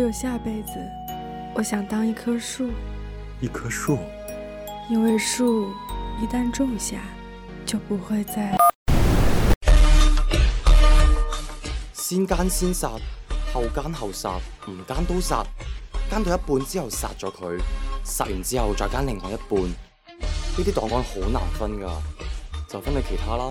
如果有下輩子，我想當一棵樹。一棵樹，因為樹一旦種下，就不會再。先奸先殺，後奸後殺，唔奸都殺。奸到一半之後殺咗佢，殺完之後再奸另外一半。呢啲檔案好難分噶，就分你其他啦。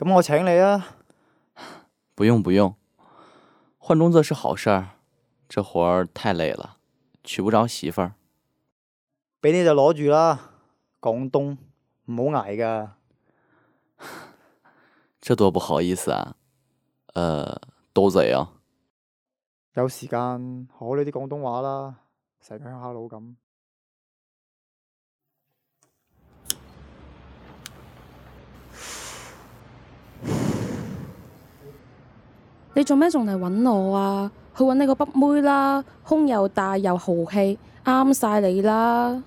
咁我請你啊，不用不用，換工作是好事兒，這活兒太累了，娶不着媳婦兒，俾你就攞住啦，廣東唔好挨噶， 這多不好意思啊，呃，多謝啊，有時間學好呢啲廣東話啦，成個鄉下佬咁。你做咩仲嚟搵我啊？去搵你個北妹啦，胸又大又豪氣，啱晒你啦！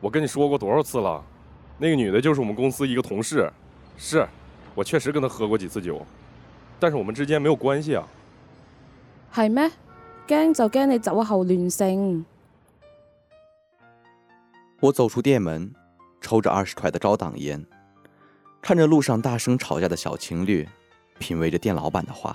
我跟你說過多少次啦？那個女的就是我們公司一個同事，是我確實跟她喝過幾次酒，但是我們之間沒有關係啊。係咩？驚就驚你酒後亂性。我走出店門，抽着二十塊的高檔煙，看着路上大聲吵架的小情侶，品味着店老闆的話。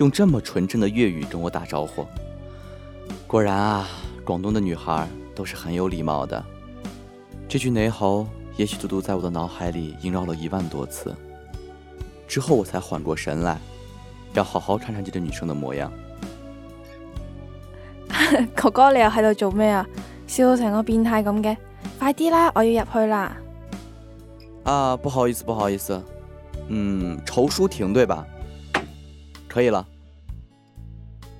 用這麼純正的粵語跟我打招呼，果然啊，廣東的女孩都是很有禮貌的。這句“你好”也許足足在我的腦海裏縈繞了一萬多次，之後我才緩過神來，要好好看看這個女生的模樣。 哥哥，你又喺度做咩啊？笑到成個變態咁嘅，快啲啦，我要入去啦。啊，不好意思，不好意思，嗯，仇淑婷對吧？可以了。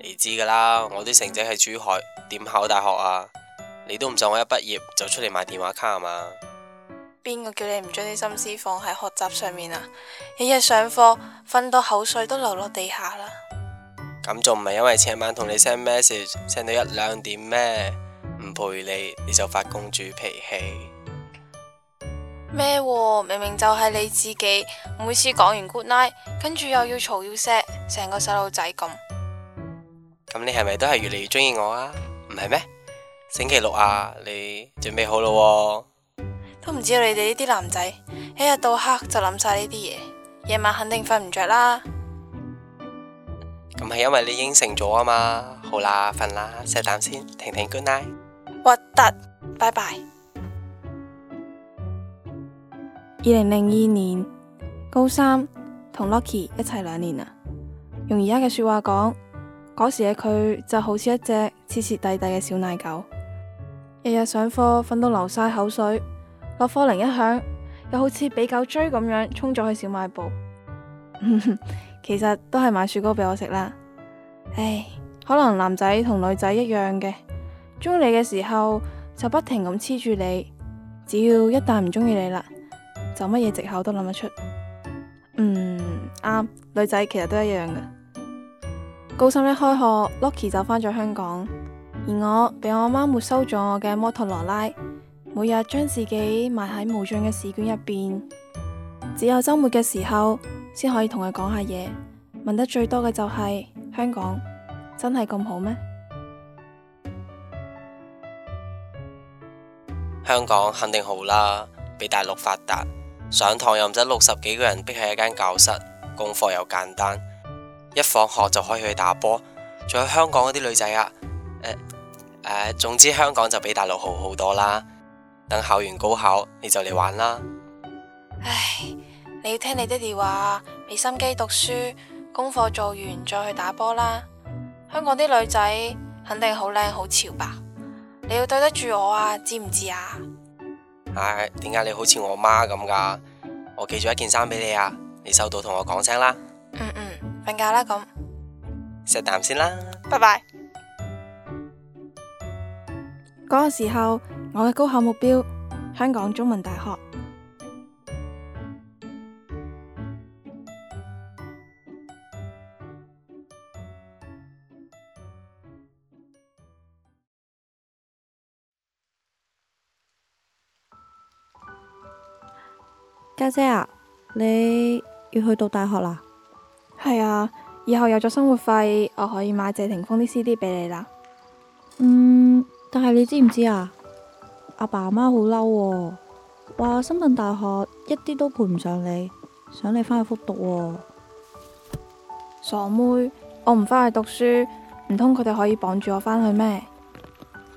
你知噶啦，我啲成績喺珠海，點考大學啊？你都唔想我一畢業就出嚟買電話卡啊嘛？邊個叫你唔將啲心思放喺學習上面啊？日日上課瞓到口水都流落地下啦。咁仲唔係因為前晚同你 send message，send 到一兩點咩？唔陪你你就發公主脾氣咩，啊？明明就係你自己，每次講完 good night，跟住又要嘈要 s 成個細路仔咁。咁你係咪都係越嚟越鍾意我啊？唔係咩？星期六啊，你準備好了喎？都唔知你哋呢啲男仔，一日到黑就諗晒呢啲嘢，夜晚肯定瞓唔着啦。咁係因為你應承咗啊嘛。好啦，瞓啦，錫啖先。婷婷，good night 惡惡。核突，拜拜。二零零二年，高三，同 Lucky 一齊兩年啊。用而家嘅說話講。嗰時嘅佢就好似一隻黐黐底底嘅小奶狗，日日上課瞓到流晒口水，落課鈴一響，又好似俾狗追咁樣衝咗去小賣部。 其實都係買雪糕俾我食啦。唉，可能男仔同女仔一樣嘅，鍾意你嘅時候就不停咁黐住你，只要一旦唔鍾意你啦，就乜嘢藉口都諗得出。嗯，啱、啊，女仔其實都一樣嘅。高三一開學 Lucky 就返咗香港，而我俾我阿媽沒收咗我嘅摩托羅拉，每日將自己埋喺無盡嘅試卷入邊，只有周末嘅時候先可以同佢講下嘢。問得最多嘅就係：香港真係咁好咩？香港肯定好啦，比大陸發達，上堂又唔使六十幾個人逼喺一間教室，功課又簡單。一放學就可以去打波，仲有香港嗰啲女仔啊，誒、呃、誒、呃，總之香港就比大陸好好多啦。等考完高考你就嚟玩啦。唉，你要聽你爹哋話，俾心機讀書，功課做完再去打波啦。香港啲女仔肯定好靚好潮吧？你要對得住我啊，知唔知啊？唉，點解你好似我媽咁噶？我寄咗一件衫俾你啊，你收到同我講聲啦。嗯嗯。瞓覺啦，咁食啖先啦。拜拜。嗰個時候，我嘅高考目標香港中文大學。家姐啊，你要去讀大學啦？係啊，以後有咗生活費，我可以買謝霆鋒啲 CD 俾你啦。嗯，但係你知唔知啊？阿爸阿媽好嬲喎，話深圳大學一啲都配唔上你，想你翻去復讀喎。傻妹，我唔翻去讀書，唔通佢哋可以綁住我翻去咩？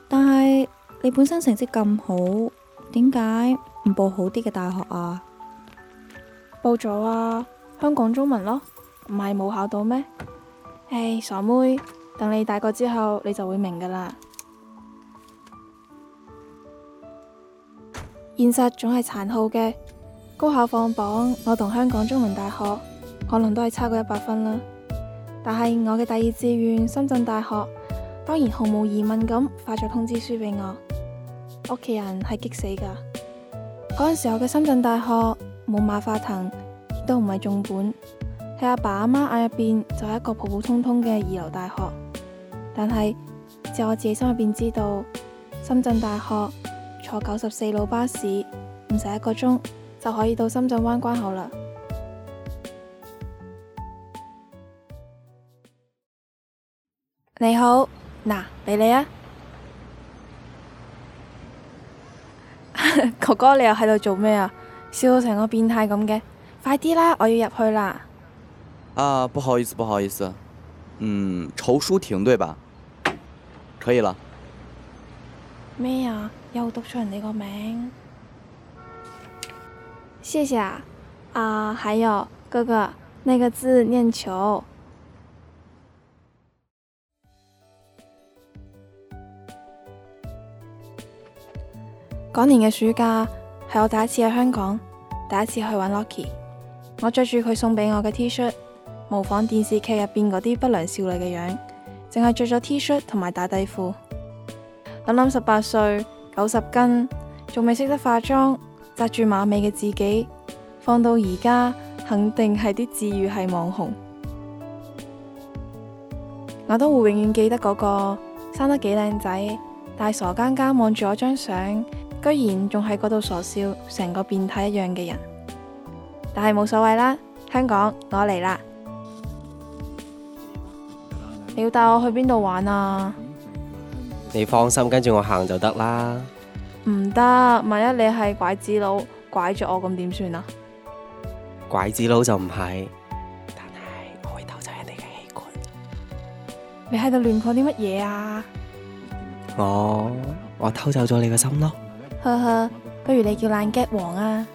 但係你本身成績咁好，點解唔報好啲嘅大學啊？報咗啊，香港中文咯。唔係冇考到咩？唉，hey，傻妹，等你大個之後，你就會明噶啦。現實總係殘酷嘅。高考放榜，我同香港中文大學可能都係差過一百分啦。但係我嘅第二志願深圳大學，當然毫無疑問咁發咗通知書俾我。屋企人係激死噶。嗰陣時候嘅深圳大學冇馬化騰，也都唔係重本。佢阿爸阿媽眼入邊就係一個普普通通嘅二流大學，但是，但係淨我自己心入邊知道，深圳大學坐九十四路巴士，唔使一個鐘就可以到深圳灣關口啦。你好，嗱，俾你啊，哥哥，你又喺度做咩啊？笑到成個變態咁嘅，快啲啦，我要入去啦。啊，不好意思，不好意思，嗯，仇書婷對吧？可以了。咩啊？要我讀出人哋個名？謝謝啊！啊，還有哥哥，那個字念球。嗰年嘅暑假係我第一次喺香港，第一次去搵 Lucky。我着住佢送俾我嘅 T 恤。模仿電視劇入邊嗰啲不良少女嘅樣，淨係着咗 T 恤同埋打底褲，啱啱十八歲、九十斤，仲未識得化妝，紮住馬尾嘅自己，放到而家肯定係啲治癒系網紅。我都會永遠記得嗰個生得幾靚仔，但傻更更望住我張相，居然仲喺嗰度傻笑，成個變態一樣嘅人。但係冇所謂啦，香港我嚟啦！你要帶我去邊度玩啊？你放心，跟住我行就得啦。唔得，萬一你係拐子佬拐住我，咁點算啊？拐子佬就唔係，但係我會偷走人哋嘅器官。你喺度亂講啲乜嘢啊？我我偷走咗你嘅心咯。呵呵，不如你叫爛 gag 王啊！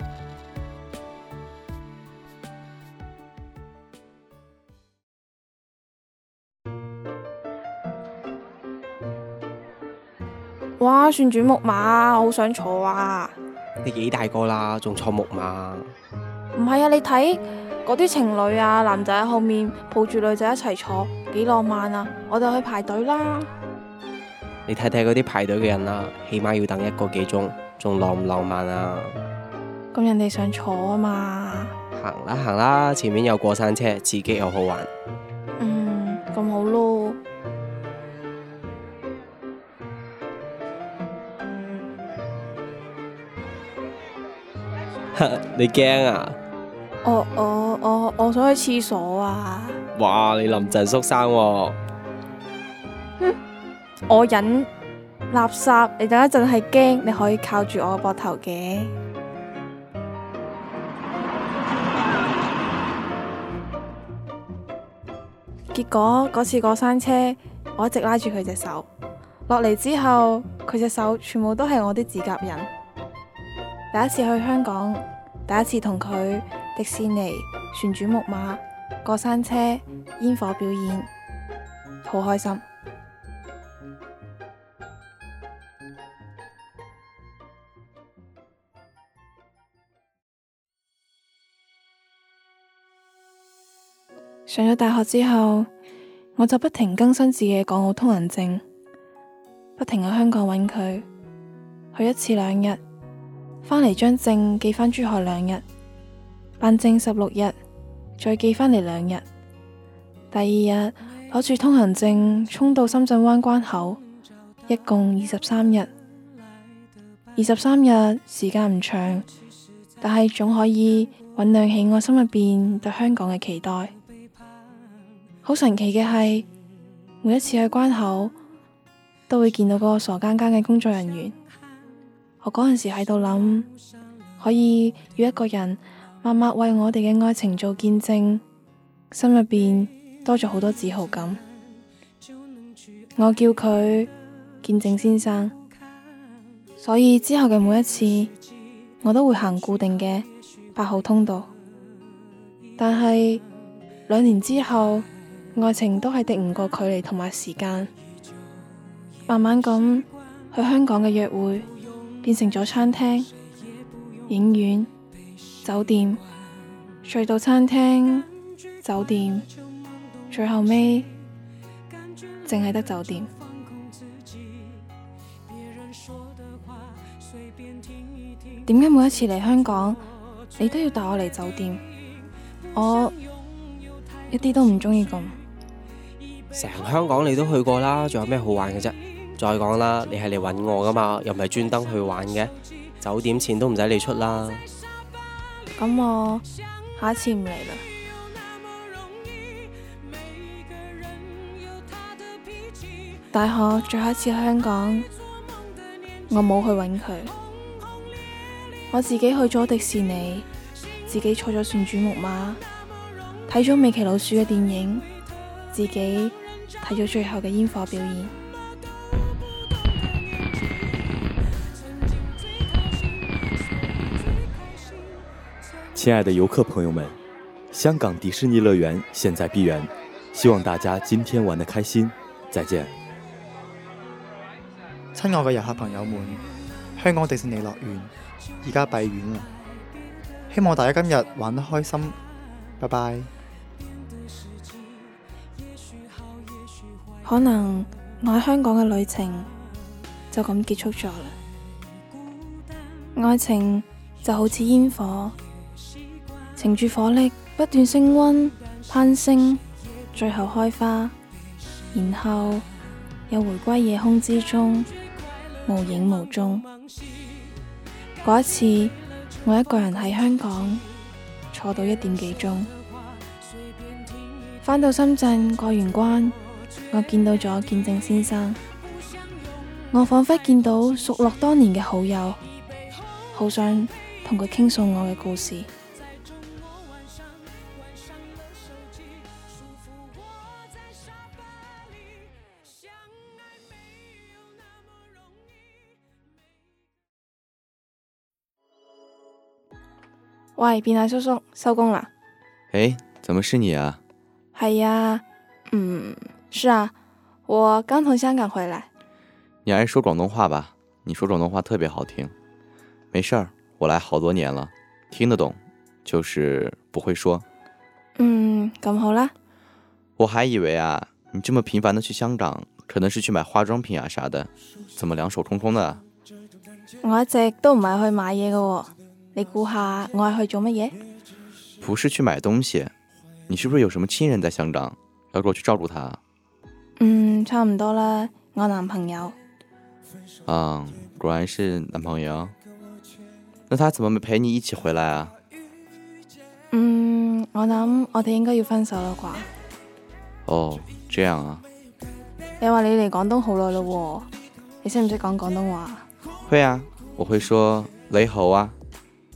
哇，旋轉木馬我好想坐啊！你幾大個啦，仲坐木馬？唔係啊，你睇嗰啲情侶啊，男仔喺後面抱住女仔一齊坐，幾浪漫啊！我哋去排隊啦。你睇睇嗰啲排隊嘅人啦，起碼要等一個幾鐘，仲浪唔浪漫啊？咁人哋想坐啊嘛。行啦行啦，前面有過山車，刺激又好玩。 你驚啊？我我我我想去廁所啊！哇， 你臨陣縮生喎！我忍垃圾，你等一陣係驚，你可以靠住我個膊頭嘅。結果嗰次過山車，我一直拉住佢隻手，落嚟之後，佢隻手全部都係我啲指甲印。第一次去香港，第一次同佢迪士尼、旋轉木馬、過山車、煙火表演，好開心。上咗大學之後，我就不停更新自己嘅港澳通行證，不停喺香港揾佢，去一次兩日。返嚟，將證寄返珠海兩日，辦證十六日，再寄返嚟兩日。第二日攞住通行證衝到深圳灣關口，一共二十三日。二十三日時間唔長，但係總可以醞釀起我心入邊對香港嘅期待。好神奇嘅係，每一次去關口都會見到個傻更更嘅工作人員。我嗰陣時喺度諗，可以約一個人默默為我哋嘅愛情做見證，心裏面多咗好多自豪感。我叫佢見證先生，所以之後嘅每一次我都會行固定嘅八號通道。但係兩年之後，愛情都係敵唔過距離同埋時間，慢慢咁去香港嘅約會變成咗餐廳、影院、酒店，再到餐廳、酒店，最後尾淨係得酒店。點解每一次嚟香港，你都要帶我嚟酒店？我一啲都唔中意咁。成個香港你都去過啦，仲有咩好玩嘅啫？再講啦，你係嚟揾我噶嘛，又唔係專登去玩嘅，酒店錢都唔使你出啦。咁我下一次唔嚟啦。大學最後一次去香港，我冇去揾佢，我自己去咗迪士尼，自己坐咗旋轉木馬，睇咗《米奇老鼠》嘅電影，自己睇咗最後嘅煙火表演。親愛的遊客朋友們，香港迪士尼樂園現在閉園，希望大家今天玩得開心，再見。親愛的遊客朋友們，香港迪士尼樂園，而家閉園了，希望大家今日玩得開心，拜拜。可能我喺香港嘅旅程就咁結束咗啦，愛情就好似煙火。停住火力，不斷升溫，攀升，最後開花，然後又回歸夜空之中，無影無蹤。嗰一次，我一個人喺香港坐到一點幾鐘，翻到深圳過完關，我見到咗見證先生，我仿佛見到熟落多年嘅好友，好想同佢傾訴我嘅故事。喂，檳榔叔叔收工啦。哎，怎麼是你啊？係呀，嗯，是啊，我剛從香港回來。你還是說廣東話吧，你說廣東話特別好聽。沒事兒，我來好多年了，聽得懂，就是不會說。嗯，咁好啦。我還以為啊，你這麼頻繁的去香港，可能是去買化妝品啊啥的，怎麼兩手空空的？我一直都唔係去買嘢嘅喎。你估下我係去做乜嘢？不是去買東西，你是不是有什麼親人在香港，要過去照顧他？嗯，差唔多啦，我男朋友。嗯，果然是男朋友。那他怎麼沒陪你一起回來啊？嗯，我諗我哋應該要分手啦啩。哦，這樣啊。你話你嚟廣東好耐啦喎，你識唔識講廣東話？會啊，我會說你好啊。